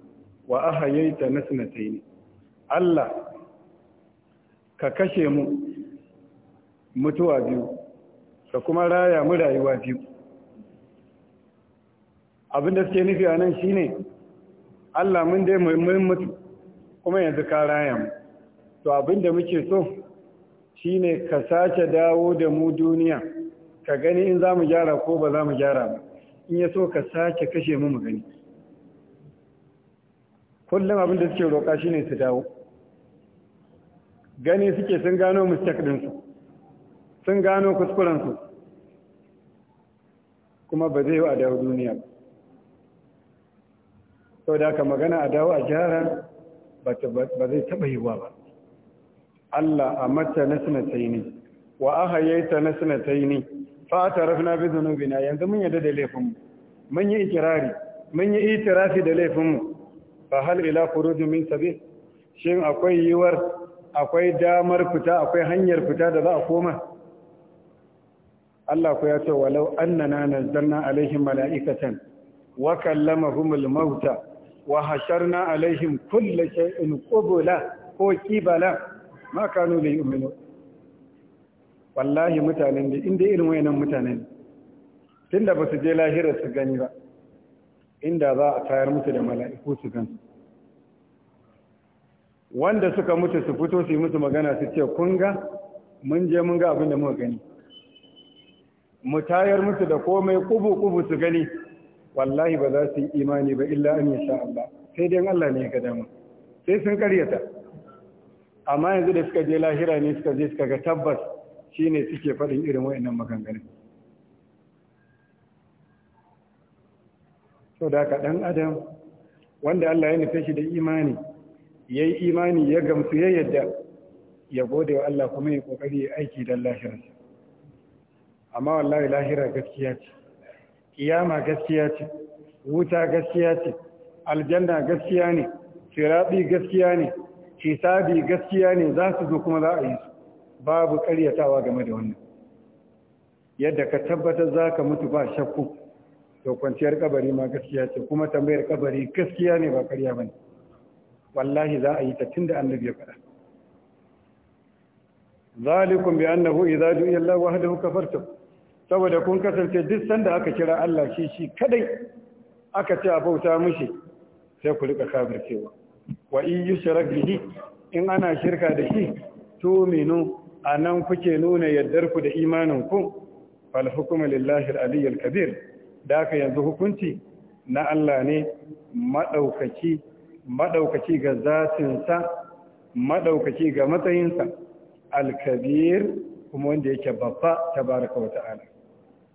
wa ahayaita nasnataini Allah ka kashe mu mutuwa biyu ka kuma raya mu rayuwa biyu abin da suke nufi a nan shi ne Allah mun dai muhimmin mutu kuma yanzu ka raya mu to abin da muke so shi ne ka sace dawo da mu duniya ka gani in za mu gyara ko ba za mu gyara ba in ya so ka sace kashe mu mu gani kullum abin da suke roƙa shi ne su dawo gani suke sun gano mistake ɗinsu sun gano kuskurensu kuma ba zai yi a dawo duniya ba sau da aka magana a dawo a gyara ba zai taɓa wa ba Allah a mata na sinatai ne wa aha ya yi ta na sinatai ne fata na bi zunubina yanzu mun yadda da laifinmu mun yi ikirari mun yi itirafi da laifinmu Ba hal ila kurudu min sabi shin akwai yiwuwar akwai damar fita akwai hanyar fita da za a koma Allah ku ya ce walau annana nazzalna alaihim mala'ikatan wa kallamahumul mauta wa hasharna alaihim kulla shay'in qubula ko kibala ma kanu li yu'minu wallahi mutanen da inda irin wayannan mutanen tunda ba su je lahira su gani ba inda za a tayar musu da mala'iku su gan wanda suka mutu su fito su yi musu magana su ce kun ga mun je mun ga abin da muka gani mu tayar musu da komai kubu kubu su gani wallahi ba za su yi imani ba illa an yasha Allah sai dai Allah ne ga dama sai sun karyata amma yanzu da suka je lahira ne suka je suka ga tabbas shine suke faɗin irin nan maganganu. so da ka dan adam wanda Allah ya nufe shi da imani ya yi imani ya gamsu ya yadda ya gode wa Allah kuma ya kokari ya aiki dan lahirarsa amma wallahi lahira gaskiya ce kiyama gaskiya ce wuta gaskiya ce aljanna gaskiya ne sirabi gaskiya ne hisabi gaskiya ne za su zo kuma za a yi su babu karyatawa game da wannan yadda ka tabbatar za ka mutu ba shakku to kwanciyar kabari ma gaskiya ce kuma tambayar kabari gaskiya ne ba karya ba ne wallahi za a yi ta tun da annabi ya faɗa zalikum bi annahu idza du'iya Allah wahdahu saboda kun kasance duk sanda aka kira Allah shi shi kadai aka ce a bauta mishi sai ku rika kafircewa wa in yushrak bihi in ana shirka da shi tuminu anan kuke nuna yaddar ku da imanin ku fal hukmu lillahi al kabir da ka yanzu hukunci na Allah ne madaukaki madaukaki ga sa madaukaki ga matsayinsa al-kabir kuma wanda yake babba tabaraka wa ta'ala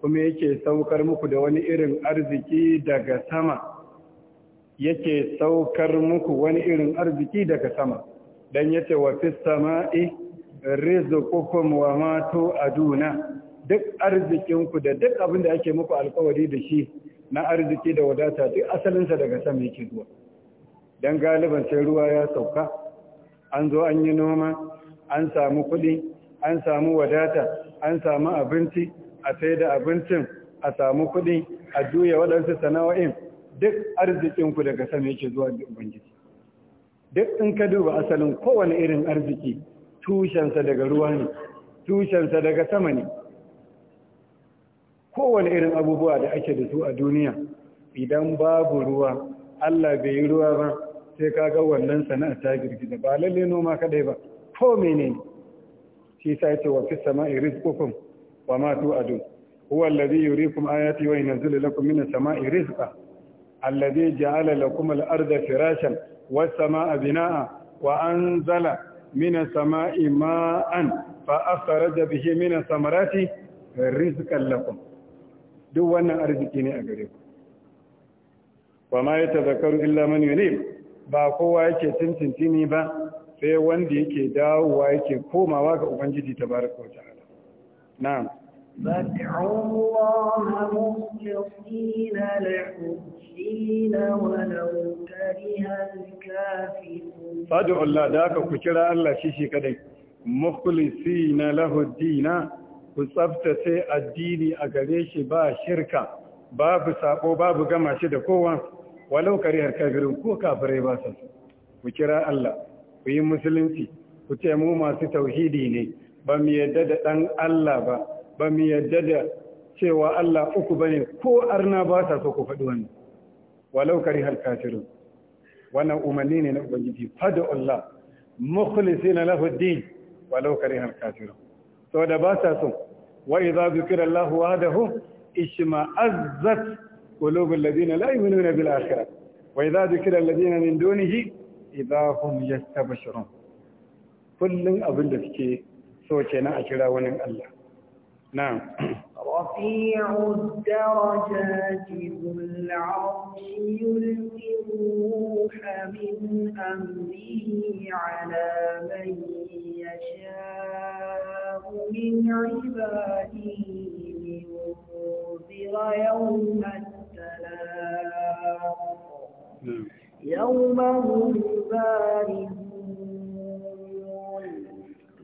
kuma yake saukar muku da wani irin arziki daga sama yake saukar muku wani irin arziki daga sama dan yace wa fis sama'i rizqukum wa ma tu'aduna duk arzikinku da duk abin da ake muku alƙawari da shi na arziki da wadata duk asalinsa daga sama yake zuwa don galiban sai ruwa ya sauka an zo an yi noma an samu kuɗi an samu wadata an samu abinci a sai da abincin a samu kuɗi a juya waɗansu sana'o'in duk arzikinku daga sama yake zuwa da ubangiji duk in ka duba asalin kowane irin arziki tushensa daga ruwa ne tushensa daga sama ne kowane irin abubuwa da ake da su a duniya idan babu ruwa Allah bai yi ruwa ba sai kaga wannan sana'a ta girgiza ba lalle noma kadai ba ko menene shi sai ce wa fi sama'i rizkukun wa ma tu'adun huwa alladhi yuriikum ayati wa yanzilu lakum minas samaa'i rizqan alladhi ja'ala lakum al-arda firashan was samaa'a binaa'an wa anzala minas samaa'i maa'an fa akhraja bihi minas samarati rizqan lakum duk wannan arziki ne a gare ku wa ma yatazakkaru illa man yunib ba kowa yake tintintini ba sai wanda yake dawowa yake komawa ga ubangiji tabaraka wa ta'ala نعم فادعوا الله مخلصين له الدين ولو كره الكافرون فادعوا الله ذاك كجرا الله شي شي كدai مخلصين له الدين كصفتي addini a gare shi ba shirka babu sako babu gama shi da kowa Walaukar karihar kafirin ko kafirai ba su ku kira Allah ku yi musulunci ku ce masu tauhidi ne ba mu yadda da ɗan Allah ba ba mu yadda da cewa Allah uku bane ko arna ba sa so ku faɗi wannan walau kari hal kafirun wannan umarni ne na ubangiji fada Allah mukhlisina lahu din walau kari hal kafirun da ba sa so wa idza zikira Allah wahdahu ishma'azzat قلوب الذين لا يؤمنون بالآخرة وإذا ذكر الذين من دونه إذا هم kullum كل da suke. so kenan a kira wani رفيع الدرجات ذو العرش يلقي الروح من أمره على من يشاء من عباده لينذر يوم التلاق نعم. يوم هم بارزون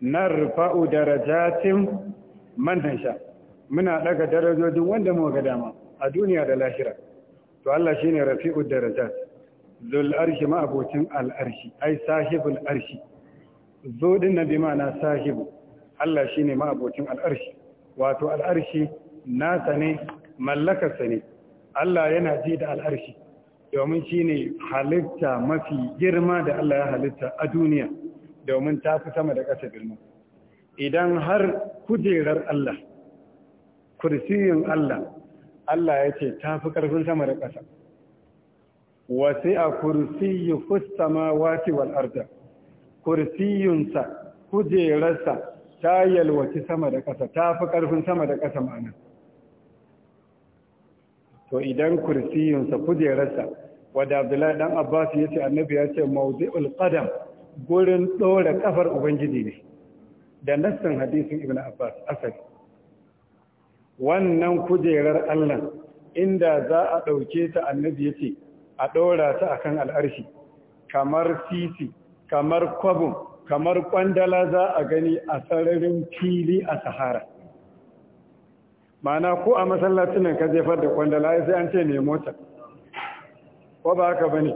narfa'u darajatin man nasha muna daga darajojin wanda mu ga dama a duniya da lahira to Allah shine rafi'ud darajat zul arshi ma abocin al arshi ai sahibul arshi zo din nabi na sahibu Allah shine ma abocin al arshi wato al arshi nasa ne mallakarsa ne Allah yana ji da al arshi domin shine halitta mafi girma da Allah ya halitta a duniya domin ta fi sama da ƙasa girma idan har kujerar Allah kursiyin Allah Allah ya ce ta fi ƙarfin sama da ƙasa wasi a kursiyi fustama wati wal arda kursiyunsa kujerarsa ta yalwaci sama da ƙasa ta fi ƙarfin sama da ƙasa ma'ana to idan kursiyunsa kujerarsa wadda abdullahi dan abbas ya ce annabi ya ce mawdi'ul qadam gurin ɗora ƙafar ubangiji ne da nassan hadisin ibn abbas asali wannan kujerar allah inda za a ɗauke ta annabi ya ce a ɗora ta kan al'arshi kamar sisi kamar kwabin kamar kwandala za a gani a sararin fili a sahara mana ko a masallacin ka jefar da kwandala ya sai an ce ne mota ko ba haka ba ne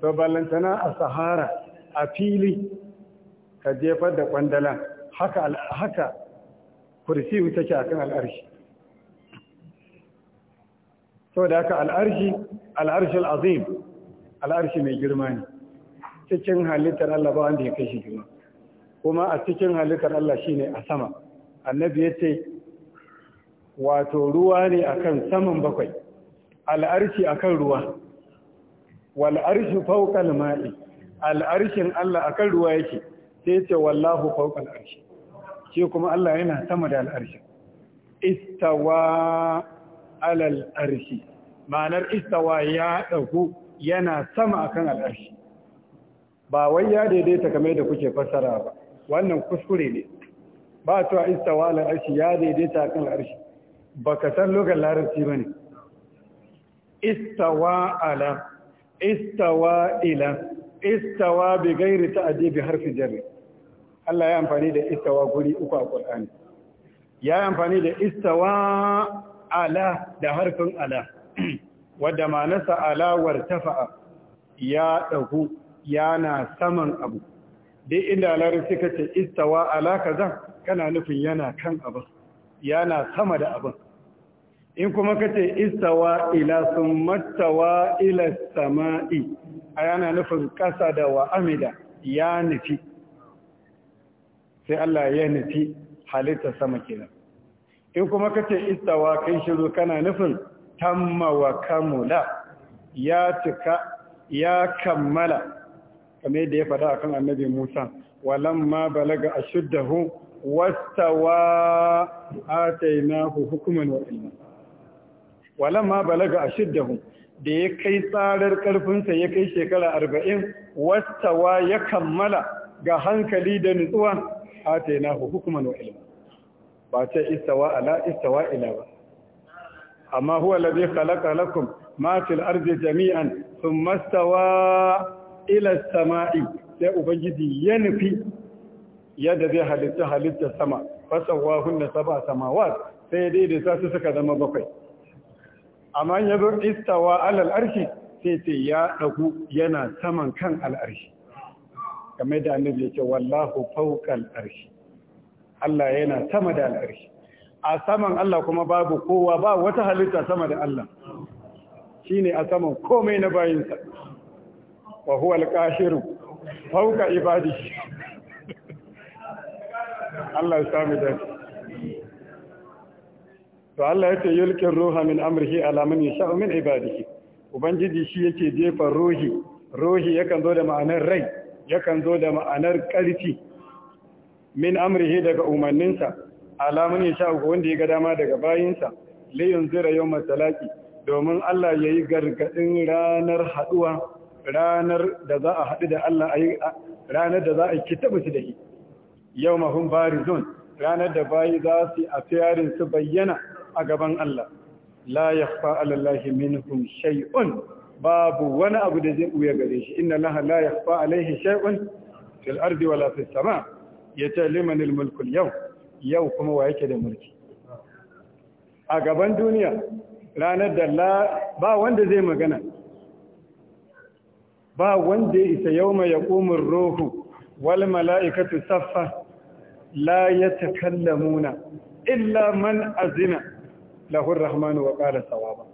to ballantana a sahara a fili ka jefar da kwandalan haka haka kursiyu take akan al'arshi saboda haka al'arshi al'arshil azim al'arshi mai girma ne cikin halittar Allah ba wanda ya kai shi girma kuma a cikin halittar Allah shine a sama annabi ce wato ruwa ne akan saman bakwai al'arshi akan ruwa wal arshu fawqa al-ma'i al'arshin Allah akan ruwa yake sai ce wallahu fawqa al'arshi shi kuma Allah yana sama da al'arshin istawa ala al'arshi ma'anar istawa ya dahu yana sama akan al'arshi ba wai ya daidaita kamar da kuke fassara ba wannan kuskure ne ba to istawa ala al'arshi ya daidaita akan al'arshi baka san lokacin larabci ne. istawa ala istawa ila istawa bi gairi ta'adi bi harfi jarri Allah ya amfani da istawa guri uku a Qur'ani ya amfani da istawa ala da harfin ala wadda ma'anarsa ala wartafa'a ya ya yana saman abu duk inda suka kace istawa ala kaza kana nufin yana kan abu yana sama da abin in kuma kace istawa ila summa ila sama'i a yana nufin ƙasa da wa amida ya nufi sai Allah ya nufi halitta sama kenan in kuma kace istawa kai shiru kana nufin tamma wa kamula ya cika ya kammala kame da ya faɗa akan annabi Musa walamma balaga ashuddahu wastawa atainahu hukman wa ilma walamma balaga ashuddahu da ya kai tsarar ƙarfinsa ya kai shekara arba'in wastawa ya kammala ga hankali da nutsuwa yi na hukumar wa ilma ba ce istawa ala istawa ila ba amma huwa ladhi khalaqa lakum matil arzi jami'an sun istawa ila samai sai ubangiji ya nufi yadda zai halitta halitta sama fasawa hunna sab'a samawa sai dai da su suka zama bakwai amma ya zo istawa alal arshi sai sai ya ɗagu yana saman kan al'arshi kamar da annabi ya ce wallahu fawqal arshi Allah yana sama da al'arshi a saman Allah kuma babu kowa ba wata halitta sama da Allah shine a saman komai na bayinsa wa huwa al-qashiru fawqa ibadihi Allah ya sami dace to Allah ya ce yulkin ruha min amrihi ala man yasha'u min ibadihi ubangiji shi yake jefa ruhi ruhi yakan zo da ma'anar rai yakan zo da ma'anar karfi min amrihi daga umarninsa ala man yasha'u wanda ya ga dama daga bayinsa li yunzira yawm talaqi domin Allah yayi gargadin ranar haduwa ranar da za a hadu da Allah ranar da za a kitabu su da shi yawmahum barizun ranar da bayi za su a fiyarin su bayyana a gaban Allah la ya fa alallahi minhum shay'un babu wani abu da zai buya gare shi inna laha la fa alaihi shay'un fil ardi wala fis sama ya liman al mulku yau yau kuma wa yake da mulki a gaban duniya ranar da la, ba wanda zai magana ba wanda ya isa yawma yaqumur ruhu wal mala'ikatu saffa la yatakallamuna illa man azina lahur rahmanu wa qala sawaba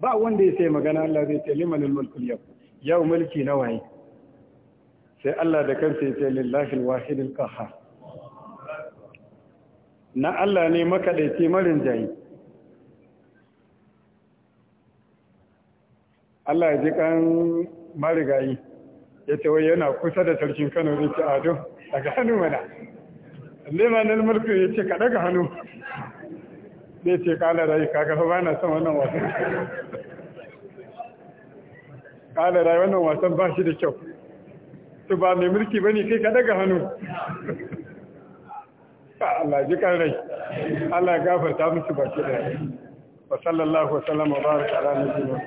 ba wanda ya sai magana Allah zai ce liman mulkul yau yau mulki na waye sai Allah da kansa ya ce lillahi alwahid alqahhar na Allah ne makadaici marin jayi Allah ya ji kan marigayi ya ce wai yana kusa da sarkin Kano zai ce ado daga hannu mana liman mulkul ya ce ka daga hannu zai ce kala rayu ba na san wannan wasan kala rayu wannan wasan ba shi da kyau su ba mai mulki ne kai ka daga hannu Allah ji kan rai Allah gafarta musu shi da wa sallallahu wa sallam wa baraka ala nabiyyina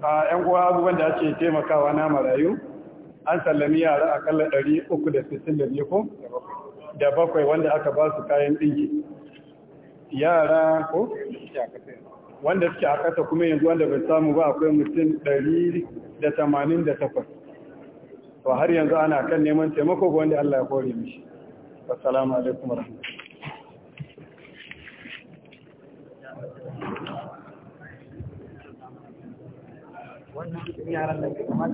a yan uwa abubuwan da ake taimakawa na marayu an sallami yara akalla 362 ko da bakwai wanda aka ba su kayan dinki yara ko wanda suke a kasa kuma yanzu wanda bai samu ba akwai mutum 188 to har yanzu ana kan neman taimako ga wanda Allah ya kore mishi assalamu alaikum warahmatullahi wannan yaran da ke